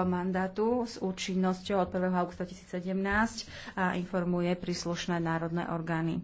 mandátu s účinnosťou od 1. augusta 2017 a informuje príslušné národné orgány.